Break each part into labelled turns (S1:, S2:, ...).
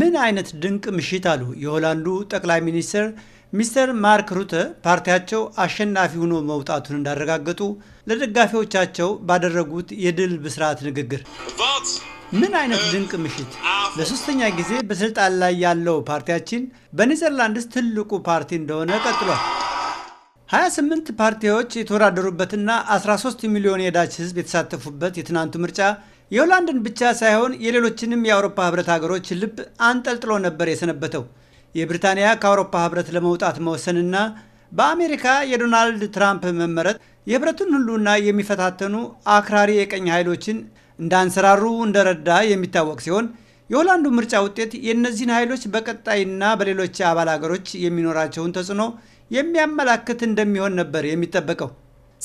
S1: ምን አይነት ድንቅ ምሽት አሉ የሆላንዱ ጠቅላይ ሚኒስትር ሚስተር ማርክ ሩተ ፓርቲያቸው አሸናፊ ሆኖ መውጣቱን እንዳረጋገጡ ለደጋፊዎቻቸው ባደረጉት የድል ብስራት ንግግር። ምን አይነት ድንቅ ምሽት! ለሶስተኛ ጊዜ በስልጣን ላይ ያለው ፓርቲያችን በኔዘርላንድስ ትልቁ ፓርቲ እንደሆነ ቀጥሏል። 28 ፓርቲዎች የተወዳደሩበትና 13 ሚሊዮን የዳች ህዝብ የተሳተፉበት የትናንቱ ምርጫ የሆላንድን ብቻ ሳይሆን የሌሎችንም የአውሮፓ ህብረት ሀገሮች ልብ አንጠልጥሎ ነበር የሰነበተው የብሪታንያ ከአውሮፓ ህብረት ለመውጣት መወሰንና በአሜሪካ የዶናልድ ትራምፕ መመረጥ የህብረቱን ሁሉና የሚፈታተኑ አክራሪ የቀኝ ኃይሎችን እንዳንሰራሩ እንደረዳ የሚታወቅ ሲሆን የሆላንዱ ምርጫ ውጤት የእነዚህን ኃይሎች በቀጣይና በሌሎች አባል ሀገሮች የሚኖራቸውን ተጽዕኖ የሚያመላክት እንደሚሆን ነበር የሚጠበቀው።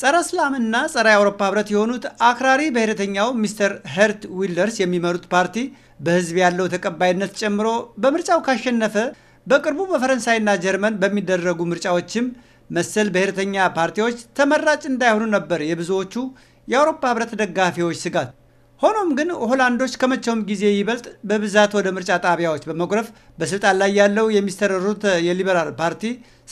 S1: ጸረ እስላምና ጸረ የአውሮፓ ህብረት የሆኑት አክራሪ ብሔረተኛው ሚስተር ሄርት ዊልደርስ የሚመሩት ፓርቲ በህዝብ ያለው ተቀባይነት ጨምሮ በምርጫው ካሸነፈ በቅርቡ በፈረንሳይና ጀርመን በሚደረጉ ምርጫዎችም መሰል ብሔረተኛ ፓርቲዎች ተመራጭ እንዳይሆኑ ነበር የብዙዎቹ የአውሮፓ ህብረት ደጋፊዎች ስጋት። ሆኖም ግን ሆላንዶች ከመቼውም ጊዜ ይበልጥ በብዛት ወደ ምርጫ ጣቢያዎች በመጉረፍ በስልጣን ላይ ያለው የሚስተር ሩት የሊበራል ፓርቲ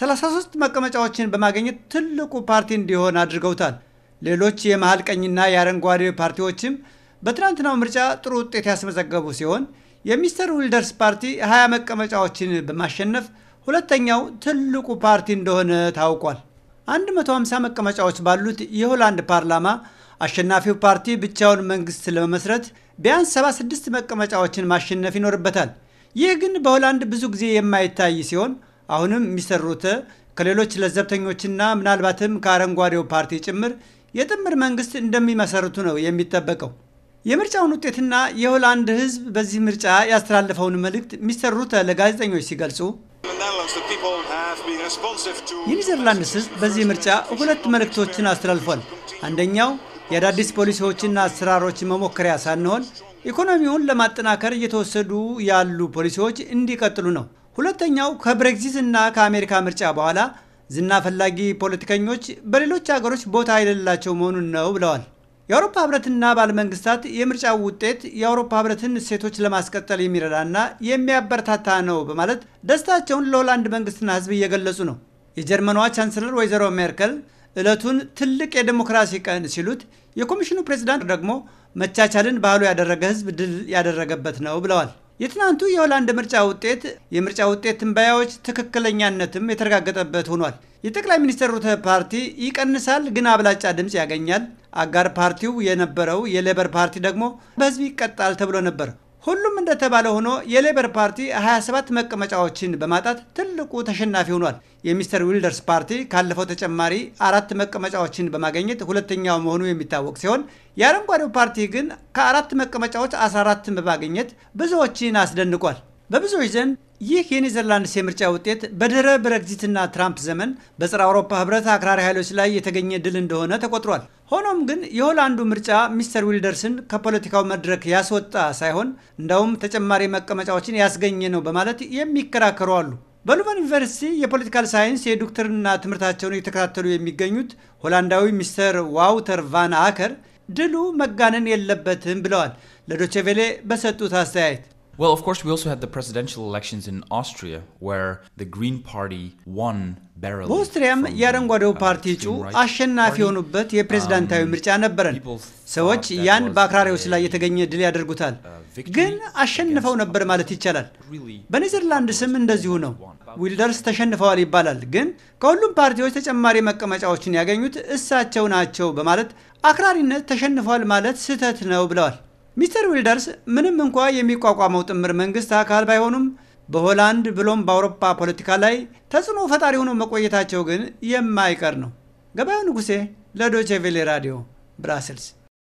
S1: 33 መቀመጫዎችን በማግኘት ትልቁ ፓርቲ እንዲሆን አድርገውታል። ሌሎች የመሃል ቀኝና የአረንጓዴ ፓርቲዎችም በትናንትናው ምርጫ ጥሩ ውጤት ያስመዘገቡ ሲሆን የሚስተር ዊልደርስ ፓርቲ 20 መቀመጫዎችን በማሸነፍ ሁለተኛው ትልቁ ፓርቲ እንደሆነ ታውቋል። 150 መቀመጫዎች ባሉት የሆላንድ ፓርላማ አሸናፊው ፓርቲ ብቻውን መንግስት ለመመስረት ቢያንስ 76 መቀመጫዎችን ማሸነፍ ይኖርበታል። ይህ ግን በሆላንድ ብዙ ጊዜ የማይታይ ሲሆን አሁንም የሚሰሩት ከሌሎች ለዘብተኞችና ምናልባትም ከአረንጓዴው ፓርቲ ጭምር የጥምር መንግስት እንደሚመሰርቱ ነው የሚጠበቀው። የምርጫውን ውጤትና የሆላንድ ህዝብ በዚህ ምርጫ ያስተላለፈውን መልእክት ሚስተር ሩተ ለጋዜጠኞች ሲገልጹ የኒዘርላንድስ ህዝብ በዚህ ምርጫ ሁለት መልእክቶችን አስተላልፏል። አንደኛው የአዳዲስ ፖሊሲዎችና አሰራሮች መሞከሪያ ሳንሆን ኢኮኖሚውን ለማጠናከር እየተወሰዱ ያሉ ፖሊሲዎች እንዲቀጥሉ ነው። ሁለተኛው ከብሬግዚት እና ከአሜሪካ ምርጫ በኋላ ዝና ፈላጊ ፖለቲከኞች በሌሎች አገሮች ቦታ የሌላቸው መሆኑን ነው ብለዋል። የአውሮፓ ህብረትና ባለመንግስታት የምርጫው ውጤት የአውሮፓ ህብረትን እሴቶች ለማስቀጠል የሚረዳና የሚያበረታታ ነው በማለት ደስታቸውን ለሆላንድ መንግስትና ህዝብ እየገለጹ ነው። የጀርመኗ ቻንስለር ወይዘሮ ሜርከል ዕለቱን ትልቅ የዴሞክራሲ ቀን ሲሉት የኮሚሽኑ ፕሬዚዳንት ደግሞ መቻቻልን ባህሉ ያደረገ ህዝብ ድል ያደረገበት ነው ብለዋል። የትናንቱ የሆላንድ ምርጫ ውጤት የምርጫ ውጤት ትንበያዎች ትክክለኛነትም የተረጋገጠበት ሆኗል። የጠቅላይ ሚኒስትር ሩተ ፓርቲ ይቀንሳል፣ ግን አብላጫ ድምፅ ያገኛል። አጋር ፓርቲው የነበረው የሌበር ፓርቲ ደግሞ በህዝብ ይቀጣል ተብሎ ነበር። ሁሉም እንደተባለ ሆኖ የሌበር ፓርቲ 27 መቀመጫዎችን በማጣት ትልቁ ተሸናፊ ሆኗል። የሚስተር ዊልደርስ ፓርቲ ካለፈው ተጨማሪ አራት መቀመጫዎችን በማገኘት ሁለተኛው መሆኑ የሚታወቅ ሲሆን የአረንጓዴው ፓርቲ ግን ከአራት መቀመጫዎች 14ን በማግኘት ብዙዎችን አስደንቋል። በብዙዎች ዘንድ ይህ የኔዘርላንድስ የምርጫ ውጤት በድህረ ብሬግዚትና ትራምፕ ዘመን በጸረ አውሮፓ ህብረት አክራሪ ኃይሎች ላይ የተገኘ ድል እንደሆነ ተቆጥሯል። ሆኖም ግን የሆላንዱ ምርጫ ሚስተር ዊልደርስን ከፖለቲካው መድረክ ያስወጣ ሳይሆን እንዳውም ተጨማሪ መቀመጫዎችን ያስገኘ ነው በማለት የሚከራከሩ አሉ። በሉቨን ዩኒቨርሲቲ የፖለቲካል ሳይንስ የዶክትርና ትምህርታቸውን እየተከታተሉ የሚገኙት ሆላንዳዊ ሚስተር ዋውተር ቫን አከር ድሉ መጋነን የለበትም ብለዋል ለዶቼቬሌ በሰጡት አስተያየት Well, of course, we also had the presidential elections in Austria where the Green Party won barely. በኦስትሪያም የአረንጓዴው ፓርቲ እጩ አሸናፊ የሆኑበት የፕሬዝዳንታዊ um, ምርጫ ነበረን። ሰዎች ያን በአክራሪዎች ላይ የተገኘ ድል ያደርጉታል፣ ግን አሸንፈው ነበር ማለት ይቻላል። በኔዘርላንድ ስም እንደዚሁ ነው። ዊልደርስ ተሸንፈዋል ይባላል፣ ግን ከሁሉም ፓርቲዎች ተጨማሪ መቀመጫዎችን ያገኙት እሳቸው ናቸው በማለት አክራሪነት ተሸንፏል ማለት ስህተት ነው ብለዋል። ሚስተር ዊልደርስ ምንም እንኳ የሚቋቋመው ጥምር መንግስት አካል ባይሆኑም በሆላንድ ብሎም በአውሮፓ ፖለቲካ ላይ ተጽዕኖ ፈጣሪ ሆኖ መቆየታቸው ግን የማይቀር ነው። ገበያው ንጉሴ ለዶቼቬሌ ራዲዮ ብራስልስ